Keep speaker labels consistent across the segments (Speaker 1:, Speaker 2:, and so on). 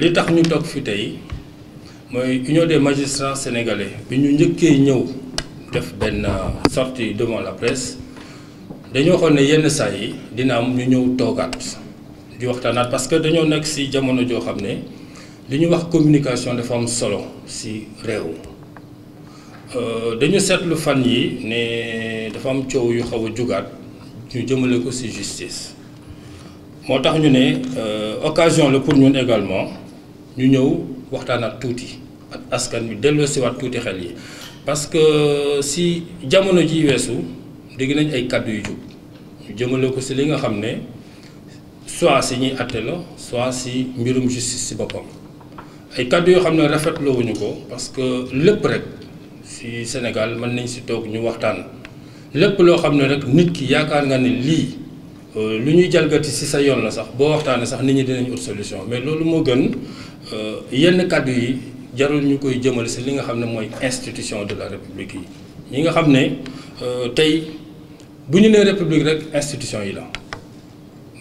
Speaker 1: li tax ñu tok fi des magistrats sénégalais bi ñu euh, sortie devant la presse dañu xone ne yenn saa yi dina am ñu ñëw di parce que dañoo nekk si jamono joo xam li ñu wax communication dafa am solo réew euh, dañu seetlu fan yi ne dafa am coow yu xaw a jugaat justice moo euh, occasion le pour ñun également ñu ñëw waxtaanaat tuuti ak askan wi delloosiwaat tuuti xel yi parce que si jamono ji weesu dégg nañ ay kàddu yu jub ñu jëmale ko si li nga xam ne soit si ñuy àtte la soit si mbirum justice si boppam ay kàddu yoo xam ne rafetloowuñu ko parce que lépp rek si Sénégal mën nañ si toog ñu waxtaan lépp loo xam ne rek nit ki yaakaar nga ni lii euh, lu ñuy jalgati si sa yoon la sax boo waxtaanee sax nit ñi dinañu ut solution mais loolu moo gën Euh, yenn kàddu yi jarul ñu koy jëmale si li nga xam ne mooy institution de la république yi ñi nga xam ne euh, tey bu ñu nee république rek institution yi la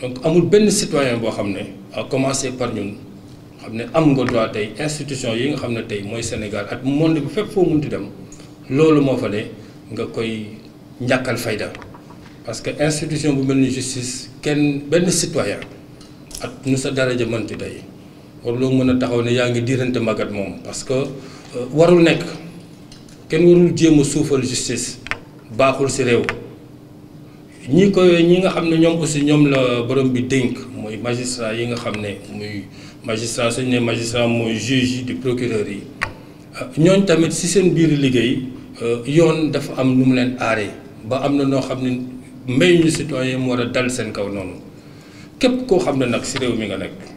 Speaker 1: donc amul benn citoyen boo xam ne à commencer par ñun xam ne am nga droit tey institution yi nga xam ne tey mooy Sénégal ak monde bu fépp foo munti dem loolu moo fa ne nga koy njàkkal fayda parce que institution bu mel ni justice kenn benn citoyen ak nu sa daraja mënti tey waruloo mën a taxaw ne yaa ngi diirante mag moom parce que euh, warul nekk kenn warul jéem a suufal justice baaxul ci réew ñi ko ñi nga xam ne ñoom aussi ñoom la borom bi dénk mooy magistrat yi nga xam ne muy magistrat suñu ne magistrat mooy juge yi di procureur yi euh, ñooñ tamit ci seen biir liggéey euh, yoon dafa am lu mu leen aare ba am na noo xam ne mbay ñu citoyen mu war a dal seen kaw noonu képp koo xam ne nag ci réew mi nga nekk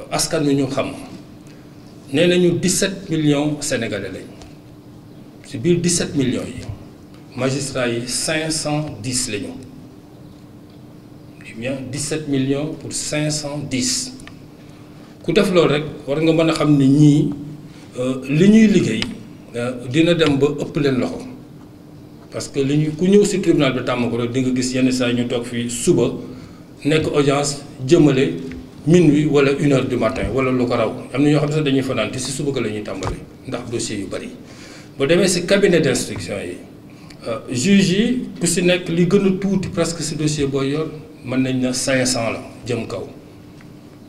Speaker 1: askan nous ñu xam né nañu 17 millions sénégalais C'est ci biir 17 millions yi magistrats yi 510 millions 17 millions pour 510 ku def lool rek war nga mën a xam ni ñii euh, li ñuy liggéey euh, dina dem ba loxo parce que li ñu ku ñëw ci tribunal de tàmm ko rek di nga gis yenn saa ñu toog fii suba audience minuit wala une heure du matin wala lu ko raw am na ñoo xam ne sax dañuy fanaan te si suba la ñuy tàmbali ndax dossier yu bëri ba demee si cabinet d' instruction yi euh, juge yi ku si nekk li gën a tuuti presque si dossier boo yor mën nañ na 500 la jëm kaw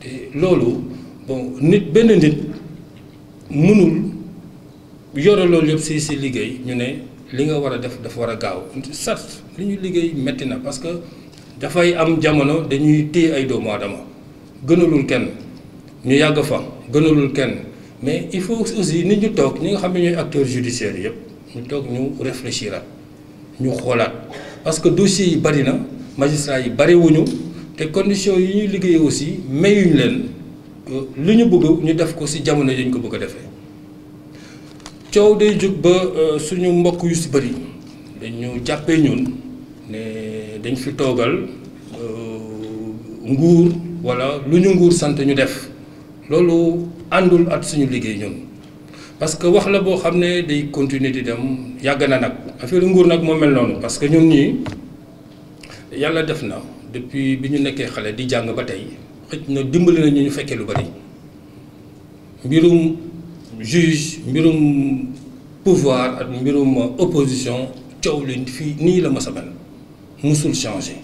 Speaker 1: te loolu bon nit benn nit mënul yore loolu yëpp si si liggéey ñu ne li nga war a def dafa war a gaaw certes li ñu liggéey metti na parce que dafay am jamono dañuy téye ay doomu aadama gënalul kenn ñu yàgg fa gënalul kenn mais il faut aussi nit ñu toog ñi nga xam ne ñooy acteurs judiciaires yëpp ñu toog ñu réfléchir ñu xoolaat parce que dossiers yi bari na magistrats yi bari wuñu te conditions yi ñuy liggéey aussi mayuñ leen euh, lu ñu bëgg ñu def ko ci jamono yi ñu ko bëgg a defee coow day jóg ba euh, suñu mbokk yu ci bari dañu jàppee ñun ne dañ fi toogal euh, nguur wala lu ñu nguur sant ñu def loolu àndul at suñu liggéey ñun parce que wax la boo continuer di dem na affaire nguur nag moo mel noonu parce que Nous ñii yàlla def na depuis bi ñu nekkee xale di jàng ba tey na dimbali na ñu lu bari juge pouvoir opposition coow la a musul changer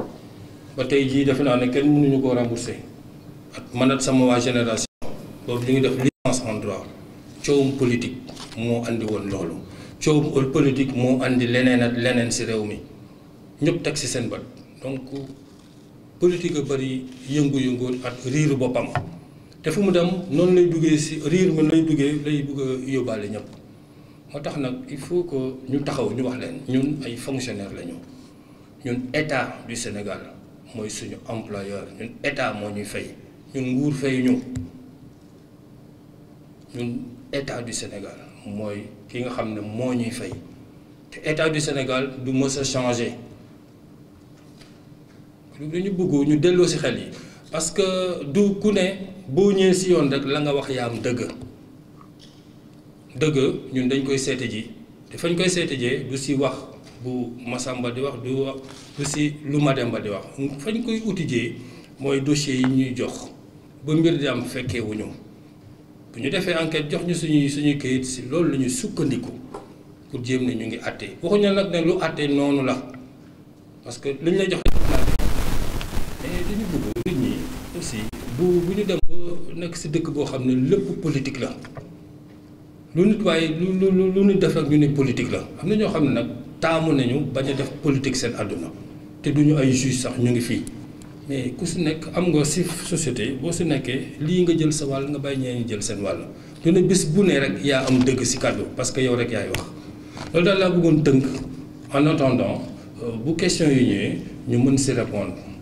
Speaker 1: ba tey jii defe naa ne kenn mënuñu koo remboursé ak man ak sama waa génération boobu li ngi def licence en droit coowum politique moo indi woon loolu coowum politique moo andi leneen ak leneen si réew mi ñëpp teg si seen bët donc politique a bëri yëngu-yëngoon ak riiru boppam te fu mu dem noonu lay duggee si riir mi lay duggee lay bëgg yóbbaale ñëpp moo tax nag il faut que ñu taxaw ñu wax leen ñun ay fonctionnaires la ñun état du Sénégal moy suñu employeur ñun état mo ñuy fay ñun nguur fay ñu ñun état du Sénégal moy ki nga xam mo ñuy fay te état du Sénégal du mës a changé lu ñu bëgg ñu delloo ci xel yi parce que du ku ne boo ñëwee ci yoon rek la nga wax yaa am deug dëgg ñun dañ koy seete ji te fañ koy seete jee du ci wax. bu Masamba di wax du wax du si lu Mademba di wax fañ koy utijee mooy dossier yi ñuy jox ba mbir di am fekkee wuñu ñu defee enquête jox ñu suñuy suñuy kayit si loolu la ñu sukkandiku pour jéem ne ñu ngi àtte waxuñu ne nag ne lu àtte noonu la parce que luñ la jox mais dañu bëgg nit ñi aussi bu bu ñu dem ba nekk si dëkk boo xam ne lépp politique la lu nit waaye lu lu lu nit def ak ñu ne politique la am na ñoo xam ne nag. taamu nañu bañ a def politique seen àdduna te du ñu ay juge sax ñu ngi fii mais ku si nekk am nga si société boo si nekkee lii nga jël sa wàll nga bàyyi ñee jël seen wàll ñu ne bis bu ne rek yaa am dëgg si kàddu parce que yow rek yaay wax loolu daal laa bëggoon tënk en attendant euh, bu question yi ñëwee ñu mën si répondre